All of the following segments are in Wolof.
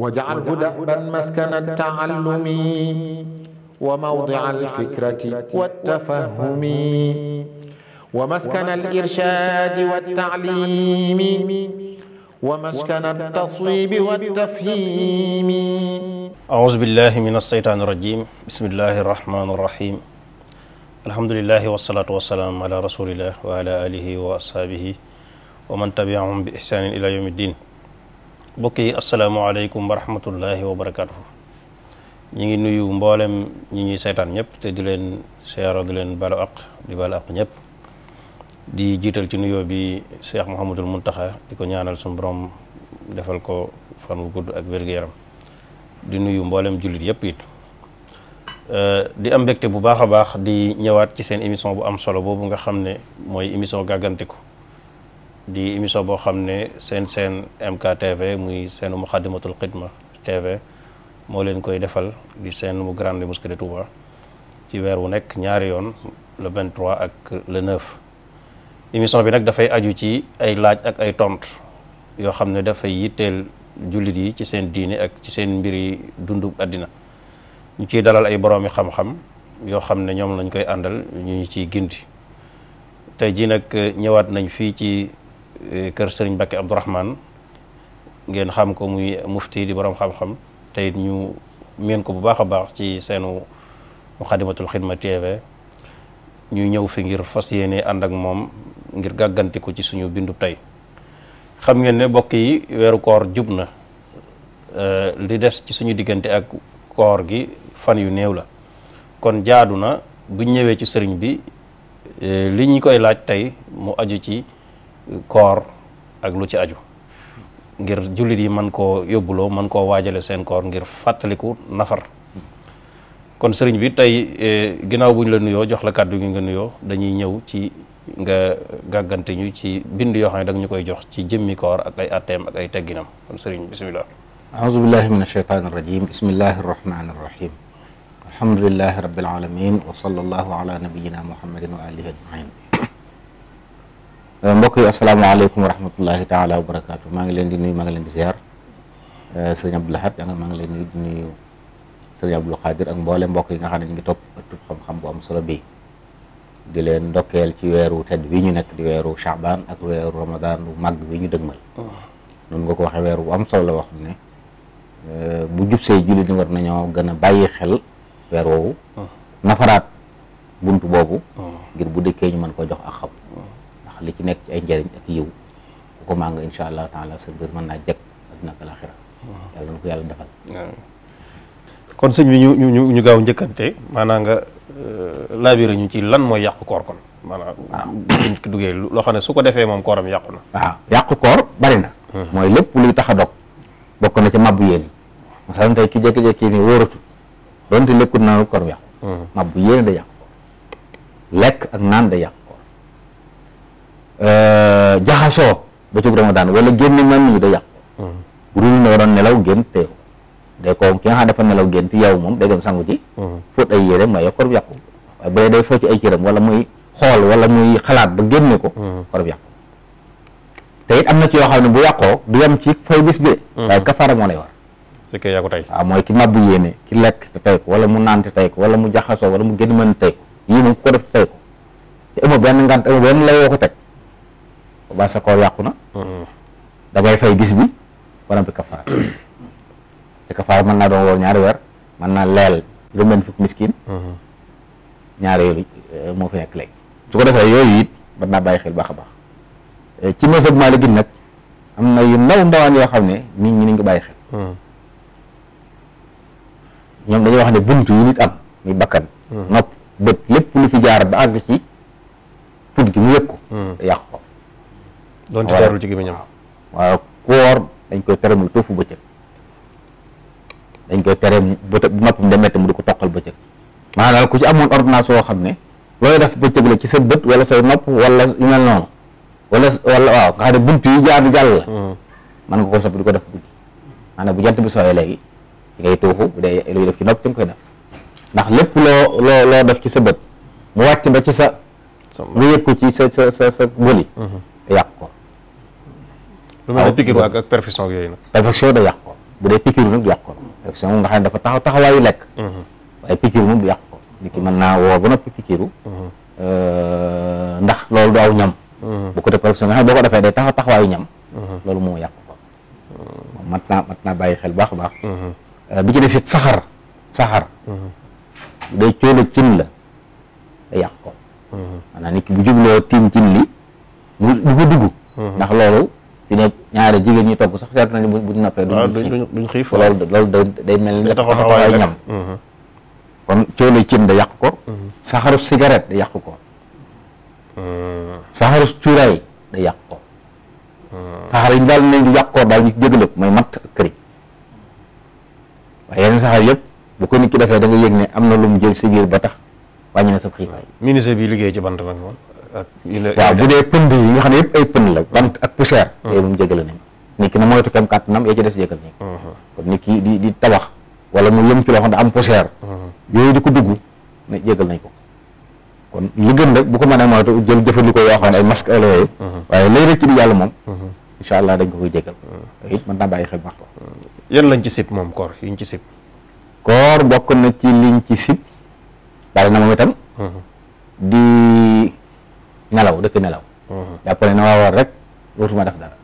واجعله دأبا مسكن التعلم وموضع الفكرة والتفهم ومسكن الإرشاد والتعليم ومسكن التصويب والتفهيم أعوذ بالله من الشيطان الرجيم بسم الله الرحمن الرحيم الحمد لله والصلاة والسلام على رسول الله وعلى آله وأصحابه ومن تبعهم بإحسان إلى يوم الدين mbokk yi asalaamaaleykum wa wa barakaatu. ñu ngi nuyu mboolem ñi ñuy seetaan ñëpp te di leen seero di leen balu aq di balu aq ñëpp di jiital ci nuyoo bi Cheikh Mouhamadul Muntaxa di ko ñaanal suñu borom defal ko fan gudd ak wér yaram di nuyu mboolem jullit yëpp it. di am mbégte bu baax a baax di ñëwaat ci seen émission bu am solo boobu nga xam ne mooy émission gàggantiku di émission boo xam ne seen seen MKTV muy seenu Muxaddamatul Xidma TV moo leen koy defal di seen mu Grande Mosquée de ci weer wu nekk ñaari yoon le 23 ak le 9. émission bi nag dafay aju ci ay laaj ak ay tontu yoo xam ne dafay yitteel jullit yi ci seen diine ak ci seen mbir yi dundu àddina ñu ciy dalal ay boroomi xam-xam yoo xam ne ñoom lañ koy àndal ñu ñu ciy gindi. tey jii nag ñëwaat nañ fii ci Eh, kër sëriñ Bakke Abdourahman ngeen xam ko muy mufti di borom xam-xam te ñu meen ko bu baax a baax ci seenu Muxaddamatul Xidma TV ñu ñëw fi ngir fas yéene ànd ak moom ngir ko ci suñu bindu tey xam ngeen ne bokk yi weeru koor jub na eh, li des ci suñu diggante ak koor gi fan yu néew la kon jaadu na buñ ñëwee ci sëriñ bi eh, li ñu koy laaj tey mu aju ci koor ak lu ci aju ngir jullit yi man koo yóbbuloo man koo waajale seen koor ngir fàttaliku nafar kon sëriñ bi tey e, ginnaaw bu ñu la nuyoo jox la kàddu gi nga nuyoo dañuy ñëw ci nga gàggante ñu ci bind yoo xam ne danga ñu koy jox ci jëmmi koor ak ay atteem ak ay tegginam kon sëriñ bisimilah aouzu billahi min ashaytan irrajim bismillahi arrahmani irrahim alhamdulilahi rabbil alamin wa sallallahu ala nabiyina muhammadin wa alihi ajmain Euh, mbokk yi asalaamaaleykum wa rahmatullahi taala wa barakaatu maa ngi leen di nuyu maa ngi leen di ziar euh, sëriñ Abdou Lahad maa ngi leen di nuyu sëriñ Abdou Khadir ak mboole mbokk yi nga xam ne ñu ngi topp ëttub xam bu am solo bii di leen ndokkeel ci weeru tedd wi ñu nekk di weeru Chaban ak weeru Ramadan bu mag bi ñu dëgmal. noonu nga ko waxee weer bu am solo la wax ne euh, bu jub see jullit ñi war nañoo gën a bàyyi xel weer woowu. Ah. nafaraat buntu boobu. Ah. ngir bu dëkkee ñu mën koo jox ak li ci nekk ci ay njëriñ ak yiw ku ko màng incha allah taala sa mbir mën naa jekk adduna ak alaxira yàlla na ko yàlla defal kon sëñ bi ñu gaaw njëkkante maanaam nga euh, laabira ñu ci lan mooy yàqu koor kon maanaam buñ ko duggee loo xam ne su ko defee moom kooram yàqu na waaw yàqu koor bari hmm. mooy lépp luy tax a dog bokk na ci mabbu yéene masalan tey ki jékki-jékki ni wóoratu donte lekkut naanu kooram yàqu mabbu hmm. yéene day yàqu lekk ak naan day yàqu Euh, jaxasoo ba cub ramadan wala génne mam ñi da yàq bu dul mm-hmm. ne waroon nelaw génn teew day ko ki nga xam dafa nelaw génn te yow moom day dem sangu ji mm-hmm. fóot ay yéreem waaye koor yàqu day focc ay cëram wala muy wala muy xalaat ba génne ko mm-hmm. koor bi am na ci yoo xam ne bu yàqoo du yem ci fay bis bi waaye kafaara moo lay war yaa ko tey waaw mooy ki mabbu yéene ki lekk tey ko wala mu naan te tey ko wala mu jaxasoo wala mu génn mën tey ko yii moom ko def tey ko te amul benn ngant amul benn lay woo ko teg ba sa yàqu na mm-hmm. da ngay fay bis bi wala bi kafaar te kafaar mën naa doon woor ñaari weer mën naa leel juróom-benn fukk miskin mm-hmm. ñaari yooyu eh, moo fi nekk léegi su ko defee yooyu it mën naa bàyyi xel baax a baax eh, ci mazhab Maalik nag am na yu ndaw ndawaan yoo xam ne nit ñi nañ ko bàyyi xel mm-hmm. ñoom dañuy wax ne buntu yi nit am muy bakkan nopp bët lépp lu fi jaar ba àgg ci put gi mu yëg ko te yàqu ko doon ci teerul ci waaw ku woor dañ koy tere muy tuufu bëccëg dañ koy tere bët bu noppam da metti mu di ko toqal bëccëg maanaam ku ci amoon ordonnance yoo xam ne looy def bëccëg la ci sa bët wala sa nopp wala yu mel noonu wala wala waaw nga xam ne bunt yi jaar jàll la hmm. mën nga ko soppi di ko def guddi maanaam bu jant bi sooyee léegi ci ngay tuufu bu dee luy def ci nopp ci nga koy def ndax lépp loo loo loo def ci sa bët mu wàcc ba ci sa nga yëg ko ci sa sa sa bëli hmm. yàq ko lu mel ne piqûre ak perfusion ak yooyu nag da yàq ko bu dee piqûre nag du yàq ko perfusion nga xam ne dafa taxaw taxawaayu lekk mhm. waaye piqûre moom du yàq ko nit ki naa woo ba noppi piqûre mhm. euh, ndax loolu du aw ñam mhm. bu ko def perfusion nga ko defee day taxaw taxawaayu ñam loolu moo yàq ko mat naa mat naa bàyyi xel baax a baax euh, bi ci des it saxar saxar bu dee cóolu cin la da yàq ko maanaam nit ki bu jubloo tiim cin li mu du ndax loolu fi ne ñaari jigéen ñi togg sax seetlu nañu buñ nappee. duñ duñ xiif loolu loolu day mel ni taxawaay ñam mm-hmm. kon coolu cin da yàq ko. Mm-hmm. saxaru cigarette da yàq ko. Mm-hmm. saxaru cuuraay da yàq ko. saxar yi daal nañ di yàq ko daal ñu jégalu mooy matt ak këriñ waaye yeneen saxar yëpp bu ko nit ki defee da nga yëg ne am na lu mu jël si biir ba tax wàññi na sa xiifaay. ministre bi liggéey ci bant nag waaw bu dee pënd yi nga xam ne yëpp ay pënd la bant ak poussière yooyu na moytu kam kàttanam ya ci des jégal nañ kon nit ki di di tabax wala mu ko dugg ne jégal nañ ko kon li gën rek bu ko mënee moytu jël jëfandikoo yoo xam ne ay masque la yooyu waaye lay rëcc di yàlla moom incha allah dañ ko koy jégal it mën naa bàyyi lañ ci sib moom koor yuñ ci sib koor bokk na ci liñ ci sib bari na moom itam di nelaw dëkk nelaw mhm. jàpp ne na waa war rek dootuma def dara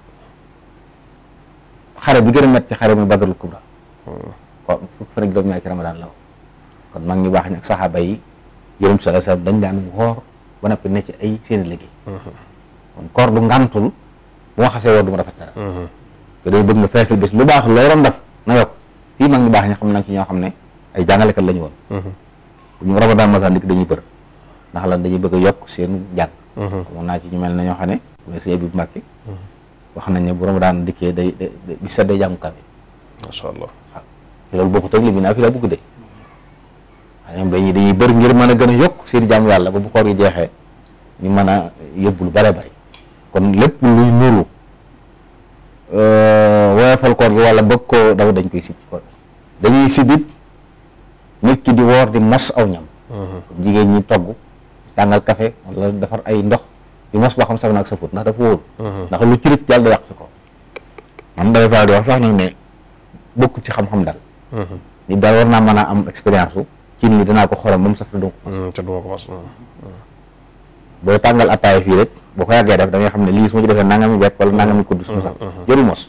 xare bi gën a métti ci xare mu Badrul Kubra mhm. kon fukki fan ak juróom-ñaar ci ramadaan la kon mag ñu baax ñi ak saxaaba yi yërëm sala sa dañ daan woor ba noppi ne ci ay seen liggéey mhm. kon koor du ngantul bu ma xasee woor du ma rafet dara te day bëgg nga feesal lu baax looy doon def na yokk fii mag ñi baax ñi xam nañ ci ñoo xam ne ay jàngalekat lañu woon bu ñu ramadaan masaan dikk dañuy bër ndax lan dañuy bëgg a yokk seen jàng moom naa ci ñu mel na ñoo xam ne mooy bu bi Mbàkke wax nañ ne bu Ramadan dikkee day bi set day jàngu kaamil macha allah waaw te loolu bokkut ak li bi naa fi la bëgg de ñoom dañuy bëri ngir mën a gën a yokk seen jàmm yàlla ba bu koor gi jeexee ñu mën a yóbbu lu bare bari kon lépp luy nuru euh, woyofal bëgg koo daw dañ koy sib ci koor dañuy sibit nit ki di woor di mos aw ñam mhm. jigéen ñi togg tàngal café wala defar ay ndox yu mos ba xam sax naag sa fóot ndax dafa wóor uh-huh. ndax lu ci rëcc daal da yàq sa ko man damay faral di wax sax nag ne bokk ci xam-xam daal uh-huh. ni daal war naa a am expérience u ci danaa ko xoolal moom saf te duma ko mos mm-hmm, uh-huh. tàngal attaaya fii rek boo ko yàggee def da ngay xam ne lii su ma ci defee nangami bekk wala nangami kudd suma saf jëru mos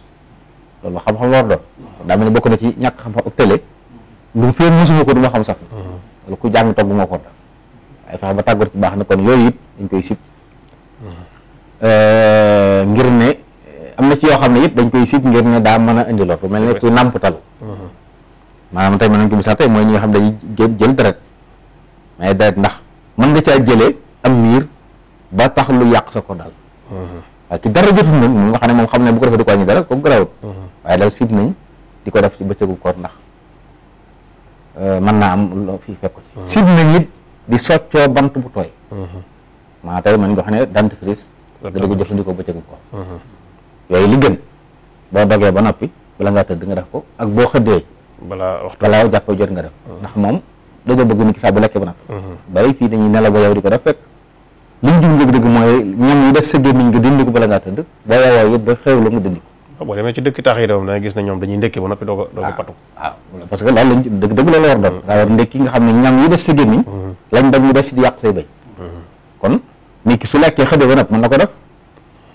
loolu xam-xam la war doon daa ne bokk na ci ñàkk xam-xam ak télé lu fee mosuma ko du xam saf wala ku jàng togg moo ko waaye fexe ba tàggatu baax na kon yooyu it dañ koy sib euh, ngir ne am na ci yoo xam ne yit dañ koy sit ngir ne daa mën a indi lor bu mel ne ku nàmpatal maanaam tey mën nañ ko misaal tey mooy ñi nga xam dañuy jël deret mais deret ndax mën nga caa jëlee am miir ba tax lu yàq sa ko daal waaye ki dara jotul moom nga xam ne moom xam ne bu ko defee du ko wàññi dara kooku garawut waaye daal sib nañ di ko def ci bëccëgu koor ndax euh, mën naa am fii fekk ci sib nañ it di soccoo bant bu tooy mhm. maa tey mën nga xam ne dentifrice nga di ko jëfandikoo bëccëgu ko yooyu li gën boo dogee ba noppi bala ngaa tëdd nga def ko ak boo xëddee balaa waxtu balaa jàpp jot nga def mhm. ndax moom dañoo bëgg ni ki saa bu lekkee ba noppi mhm. bari fii dañuy nelaw ba yow di ko def fekk li ñu jublu dëgg mooy ñam yi des sa gémmiñ nga dindi ko bala ngaa tëdd boo yeewoo yëpp ba xewlu nga dindi boo demee ci dëkk taax yi doom da gis na ñoom dañuy ndekki ba noppi doog a doog a ah, patu waaw ah, parce que dëgg dëgg la la war doon ngaa war ndekki nga xam ne ñam yi des sa gémmiñ mm-hmm. lañ bañ mu des di yàq say bañ mm-hmm. kon nit ki su lekkee xëdee ba noppi mën na ko def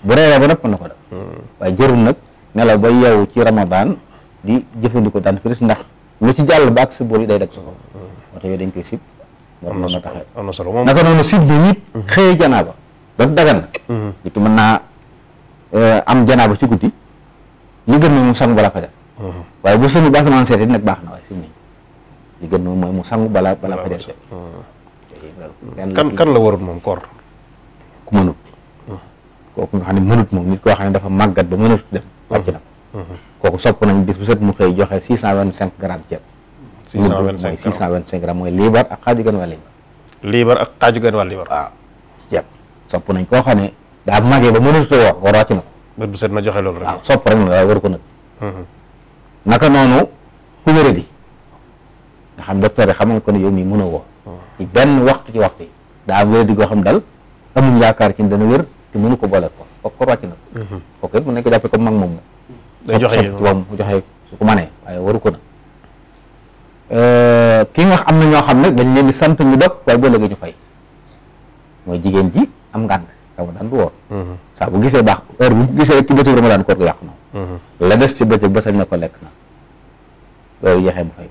bu reeree ba noppi mën na ko def mm-hmm. waaye jërul nag nelaw ba yow ci ramadan di jëfandikoo daan firis ndax lu ci jàll ba ak sa bool yi day dagg sa kaw dañ koy sib war na taxee am na solo moom naka noonu sib bi it xëyee janaaba ba dagan nit ki mën naa eh, am janaaba ci guddi li gën mooy mu sangu balaa fajar mm-hmm. waaye bu sëñ bi asamaan seetee nag baax na waaye si li gën moom mooy mu sangu balaa balaa fajar jot mm-hmm. kan kan la warut moom koor ku mënut mm-hmm. kooku nga xam ne mënut moom nit koo xam ne dafa màggat ba mënut dem wàcc na nañ bis bu set mu joxe six cent vingt cinq grammes ceeb mooy six cent vingt cinq grammes mooy liibar ak xaaju gën wàll liibar ak xaaju gën wàll liibar waaw ceeb sopp nañ koo xam ne daa màggee ba mënut woor war wàcc na ko bët bu set ma joxe loolu rek. waaw sopp rek na waaye war ko nag. Mhm. naka noonu ku wéradi nga xam docteur yi xam nga ko ne yow mii mënoo ko. ci mhm. benn waxtu ci waxtu yi daa am wéradi goo xam dal amuñ yaakaar ci ne dana wér te mënu ko boole ko kooku ko wàcc na ko. Mhm. kooku it mën nañ ko jàppee comme mag moom la. day joxe yow su ko manee waaye waru ko nag. Euh, ki nga am na ñoo xam ne dañ leen di sant ñu dog waaye boo léegi ñu fay mooy jigéen ji am ngànd ramadan du woor mhm. saa bu gisee baax heure bu gisee ci bëccëg ramadan koor ko yàqu na mhm. la des ci bëccëg ba sañ na ko lekk na loolu yeexee mu fay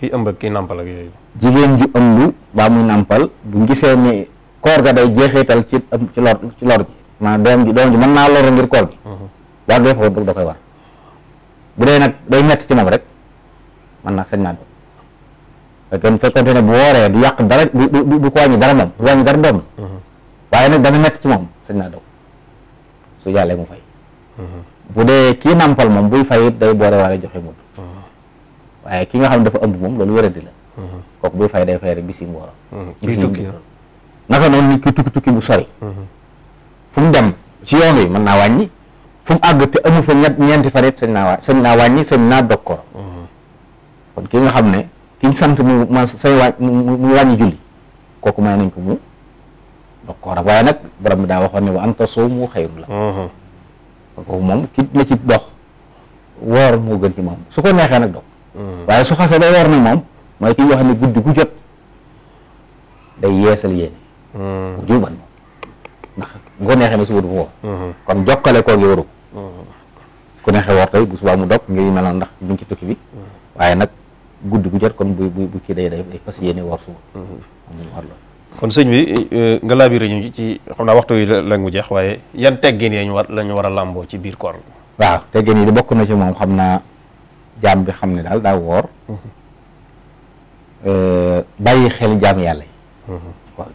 ko ëmb ak kii nàmpal ak yooyu jigéen ju ëmb baa muy nàmpal bu gisee ni koor ga day jeexital ci ci lor ci lor ji maanaam doom ji doom ji naa lor ngir koor gi mhm. war dee foofu da koy war bu dee nag day metti ci moom rek man na sañ naa doon fekkoon fekkoonte bu wooree du yàq dara du du du ko wàññi dara moom du waaye nag dana métti ci moom sañ naa daw su jàllee mu fay mm-hmm. bu dee kii nampal moom buy fay it day boore waale joxe mudd mm-hmm. waaye ki nga xam ne dafa ëmb moom loolu wéradi la mm-hmm. kooku buy fay day fay rek bis yi mu war a bis noonu nit tukki tukki bu sori fu mu dem ci yoon wi mën naa wàññi fu mu àgg te amu fa ñe ñeenti fan it sañ naa wa sañ naa wàññi sañ naa dog koor kon ki nga xam ne ki sant mu ma sañ wàññi mu wàññi julli kooku may nañ ko mu dog ko war waaye nag borom bi daa waxoon ne wa an tasuumu xayrun la kon uh-huh. kooku moom ki na ci dox woor moo gën ci moom su ko neexee nag dog uh-huh. waaye su xasee ba woor nag moom mooy ki xam ne guddi gu jot day yeesal yéene bu uh-huh. juuban moom ndax bu ko neexee ne suba du woor kon jokkale koo ngi waru su ko neexee woor tey bu subaa mu dog ngay meloon ndax buñ ci tukki bi waaye nag guddi gu jot kon bu bu kii day day fas yéene woor suba kon sëñ bi euh, nga laabiré ñu ci xam naa waxtu yi la mu jeex waaye yan teggin yi war war a làmboo ci biir koor waaw teggin yi di bokk na ci moom xam naa jaam bi xam ne daal daa woor mhm. euh, bàyyi xel jaam yàlla yi mhm.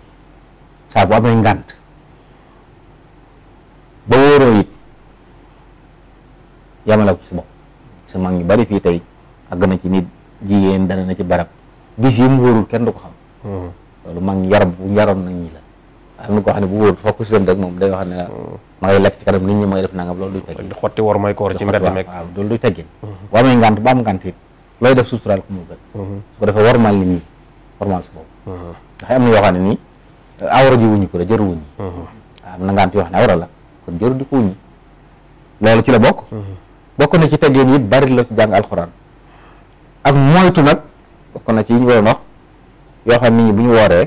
saa bu amee ngànt ba wóoroo it yamala ko ci bopp sa mag ñu bari fii tey àgg na ci nit jigéen dana na ci barab bis yi mu kenn du ko xam mhm. loolu mag yaram yaroon nañ ñi la am na koo xam ne bu wóor fokk si rek moom day wax ne ma hmm. ngay lekk ci kanam nit ñi ma ngay def nangam loolu duy teggin xotti war may koor ci mbedd meeg waaw loolu duy teggin bu hmm. amee ngant ba am ngant it looy def suturaal ko mu gën hmm. su ko defee warmal nit ñi na yoo xam ne nii awra ji wuñu ko la jëru wuñi am na ngant yoo xam ne la loolu ci la bokk bokk na ci teggin it bari la ci jàng alxuraan ak moytu nag bokk na ci yi ñu waroon wax yoo xam nit ñi bu ñu wooree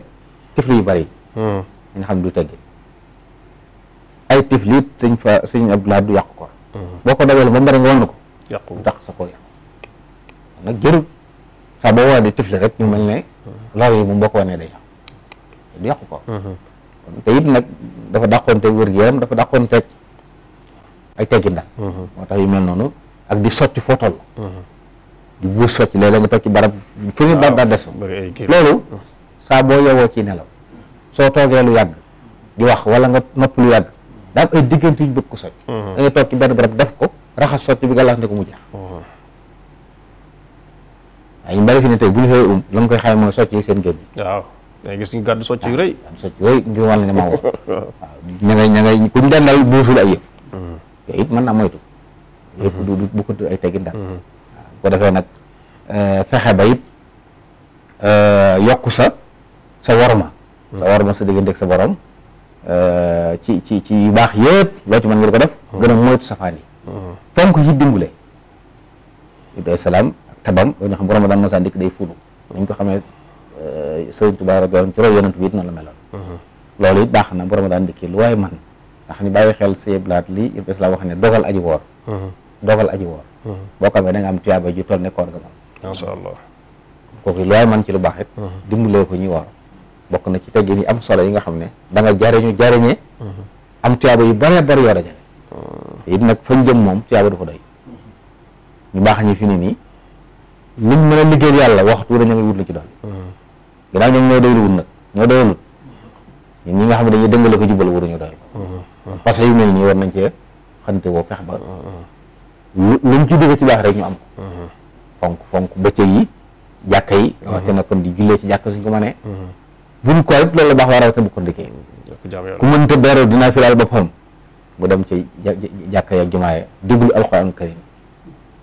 tifli yu bari ñu hmm. xam du teggi ay tifli it fa sëñ Abdoulaye du yàq ko hmm. boo ko dajale ba bari nga wann ko yàqu tax sa nag jërul saa boo wooree di tifli rek ñu mel ne hmm. law yi moom boo ko wanee day yàqu du yàqu ko te nag dafa dàqoonteeg wér-gu-yaram dafa dàqoonteeg ay teggin daal moo tax yu mel noonu ak di sotti foo toll di guus socc léeg-léeg nga toog barab fu ñu daan daan des loolu saa boo yeewoo ci nelaw soo toogee lu yàgg di wax wala nga nopp lu yàgg daa diggante yu ñu ko socc da ngay toog def ko raxas socc bi nga lax ko mu jeex waaye ñu bari fi ne tey bu ñu xëyee um la nga koy xamee mooy socc yi seen génn waaw day gis ñu gàddu socc yu rëy socc yu rëy ngir wàll ne ma woo waaw ña ngay ña ngay daan dal buusul ay yëf yooyu it naa moytu yëpp du du bu ko ay teggin daal ko defee nag euh, fexe ba it euh, yokk sa sa worma sa ma sa digganteeg sa borom euh, ci ci ci yu baax yëpp loo ci mën nga di ko def gën a moytu safaan yi fonk yi dimbale ibda salaam ak tabam loolu ñu xam bu ramadan mosaan dañ ko xamee sëriñ Tuubaa radiyallaahu ci roy yonent bi it noonu la meloon loolu it baax na bu ramadan dikkee lu waaye man ndax ni bàyyi xel sëyeblaat li ibda salaam wax ne dogal aji woor dogal aji woor boo ko amee da nga am tuyaaba ju toll ne koor ga moom masha allah kooku man ci lu baax it mm-hmm. ko ñuy war bokk na ci teggin yi am solo yi nga xam ne danga nga jariñu jariñe mm-hmm. am tuyaaba yu bare bari yoo dajale mm-hmm. it nag fañ jëm moom tuyaaba du ko doy ñu baax ñi fi ne nii luñ mën a liggéeyal yàlla waxtu wu ñu ngi wut lu ci doon ginnaaw ñoom ñoo doylu wut nag ñoo doylut ñun nga xam ne dañuy dëngale ko jubal waruñu doylu parce que yu mel nii war nañ cee xante woo fex ba luñ ci dégg ci baax rek ñu am mhm. fonk fonk bëccëg yi jàkka yi mhm. rawatina kon di jullee ci jàkka suñ ko bu mhm. buñ ko rek loolu la baax waa rawatina bu ko dëkkee ku dina beeroo dinaa filaal boppam mu dem ci jàkka ya jumaaye déglu alxuraan karim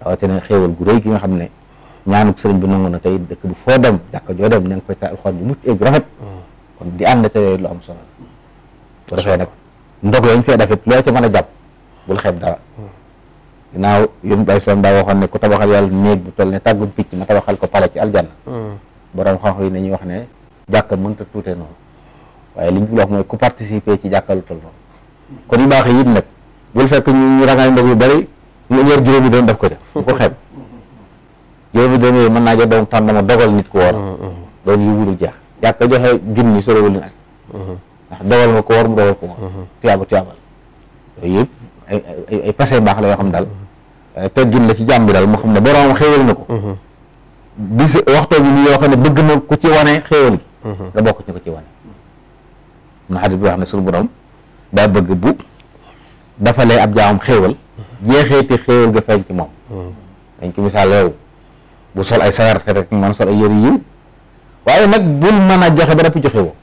rawatina xéewal gu rëy gi nga xam ne ñaanuk sëriñ bi nangu na te dëkk bi foo dem jàkka joo ña ngi fay taal alxuraan bi mucc ànd ca yooyu lu am solo bu defee nag ndog yañ fay dafit loo ca mën a jàpp bul xeeb dara naaw yonent bi islam daa waxoon ne ku tabaxal yàlla néeg bu toll ne tàggum picc ma tabaxal ko pale ci aljanna hmm. borom xam-xam yi nañuy wax ne jàkka mënta tuute noonu waaye li ñu wax mooy ku participer ci jàkkalu toll noonu kon ni baax yi nag bul fekk ñu rangaay ndox yu bari nga ñëw juróomi doon def ko def bu ko xeeb juróomi doon yooyu mën naa jox doom tàndama dogal nit ku woor hmm, hmm, loolu yu wudul jeex jàkka joxe junni sorowul na ndax dogal nga ko war mu dogal yëpp ay ay ay passé baax la yoo xam daal mm-hmm. euh, teggin la ci jàmm bi daal moo xam ne borom xéewal na ko mm-hmm. bis waxtoo gi ni yoo xam ne bëgg na ko ci wane xéewal gi mm-hmm. nga bokk ci ko ci wane na xadis bi wax ne suñu borom daa bëgg bu dafalee ab jaamam xéewal jeexeeti xéewal ga ci moom dañ ci misaal sol ay sawarte rek man sol ay yiw waaye nag bul mën a joxe ba dappi joxe woo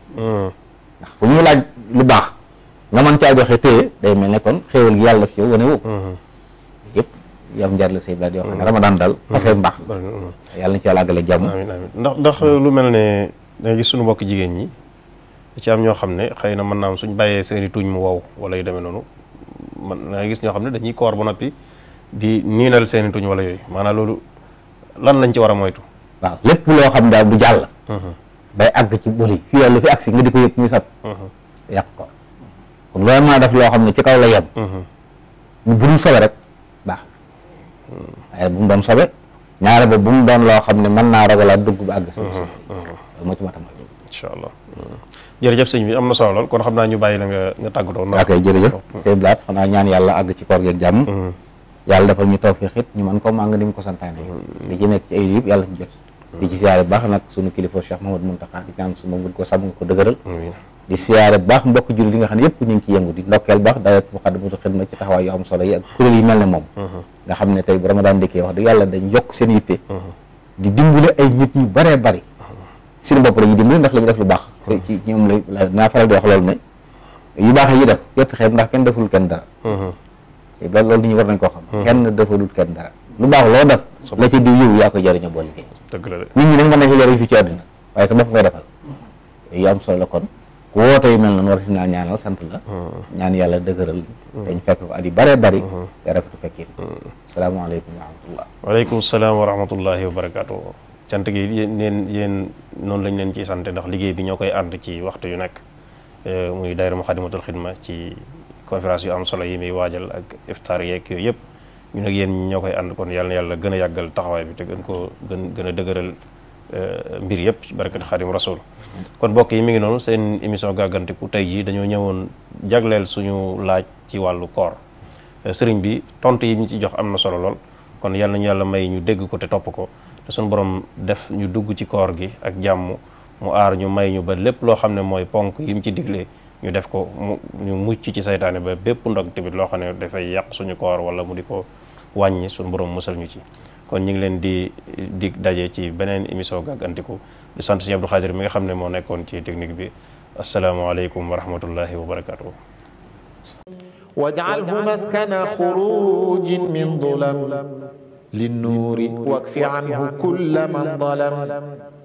fu ñuy laaj lu baax nga man caa joxe téye day mel ne kon xéewal gi yàlla fi yow wane wu mhm. yëpp yam njar la say blad yoo xam ne mhm. ramadan daal parce que mbaax yàlla na ci yàlla àggale jàmm ndax ndax lu mel ne danga gis suñu jigéen ñi ci ñoo xam ne xëy na mën naa suñ bàyyee seeni tuñ mu wow wala yu demee noonu man danga gis ñoo xam ne dañuy koor ba noppi di niinal seeni tuñ wala yooyu maanaa loolu lan lañ ci war a moytu waaw lépp loo xam daal du jàll mhm. bay àgg ci bëli fii yàlla fi agsi nga di ko yëg muy sab yàq ko kon vraiment def loo xam ne ci kaw la yem. Mhm. bu dul sobe rek baax waaye bu mu doon sobe ñaare ba bu mu doon loo xam ne mën naa ragalaat dugg ba àgg. Mhm, mhm. moo ci matam incha allah jërëjëf sëñ bi am na solo lool kon xam naa ñu bàyyi la nga nga tàggatoo. ok jërëjëf sëñ Blaat xanaa ñaan yàlla àgg ci koor jàmm. yàlla defal ñu tawfiix it ñu man ko màng ni mu ko santaane. li ci nekk ci yàlla ci jot. ci siyaare baax nag sunu kilifa Cheikh Mahamadou Mountakha di ñaan su ko sàmm nga ko dëgëral. di siyaare baax mbokk jullit yi nga xam ne yëpp ñu ngi ciy yëngu di ndokkeel baax dawet Moukhaddamatoul Khidma ci taxawaay yu am mhm. xam ne tey bu ramadan dikkee wax dëgg yàlla dañ yokk seen yitte mhm. di ay nit ñu baree bari seen bopp la ñuy dimbale ndax la def lu baax mhm. ci ñoom la naa faral ne baax yi def yett xeeb ndax kenn defalul kenn dara loolu loolu nit ñi war nañ koo xam kenn defalul kenn dara lu baax loo def la ci diw yiw yaa ko jëriñoo boo liggéey nit ñi nag mën fi ci àddina waaye sa bopp ngay defal am solo la kon woote yu mel noonu naa ñaanal sant la mm. ñaan yàlla dëgëral dañ fekk ko at yu bëree bëri te mm-hmm. rafetu fekkin asalaamaaleykum mm. wa rahmatullah waaleykum salaam wa rahmatullahi wa barakaatu yéen noonu lañ leen ciy sante ndox liggéey bi ñoo koy ànd ci waxtu yu nekk eh, muy daayira Muxaddamatul Xidma ci conférence yu am solo yi muy waajal ak iftaar yeeg yooyu yëpp ñu nag yéen ñoo koy ànd kon yàlla yàlla gën a yàggal taxawaay bi te gën koo gën gën a dëgëral Euh, mbir yëpp ci barakat rasul kon mbokk yi mi ngi noonu seen émission gàggantiku tey jii dañoo ñëwoon jagleel suñu laaj ci wàllu koor euh, sëriñ bi tont yi ñu ci jox am na solo lool kon yal nañu yàlla may ñu dégg ko te topp ko te suñu borom def ñu dugg ci koor gi ak jàmm mu aar ñu may ñu ba lépp loo xam ne mooy ponk yi mu ci diglee ñu def ko mu ñu mucc ci saytaane ba bépp ndog tamit loo xam ne dafay yàq suñu koor wala mu di ko wàññi suñu borom musal ñu ci kon ñu ngi leen di di daje ci beneen émission gàggantiku di sant Sëriñ Abdou Khadir mi nga xam ne moo nekkoon ci technique bi asalaamaaleykum wa rahmatullahi wa barakatuh waj'alhu maskana xurujin min dulam linnuuri wakfi anhu kulla man dalam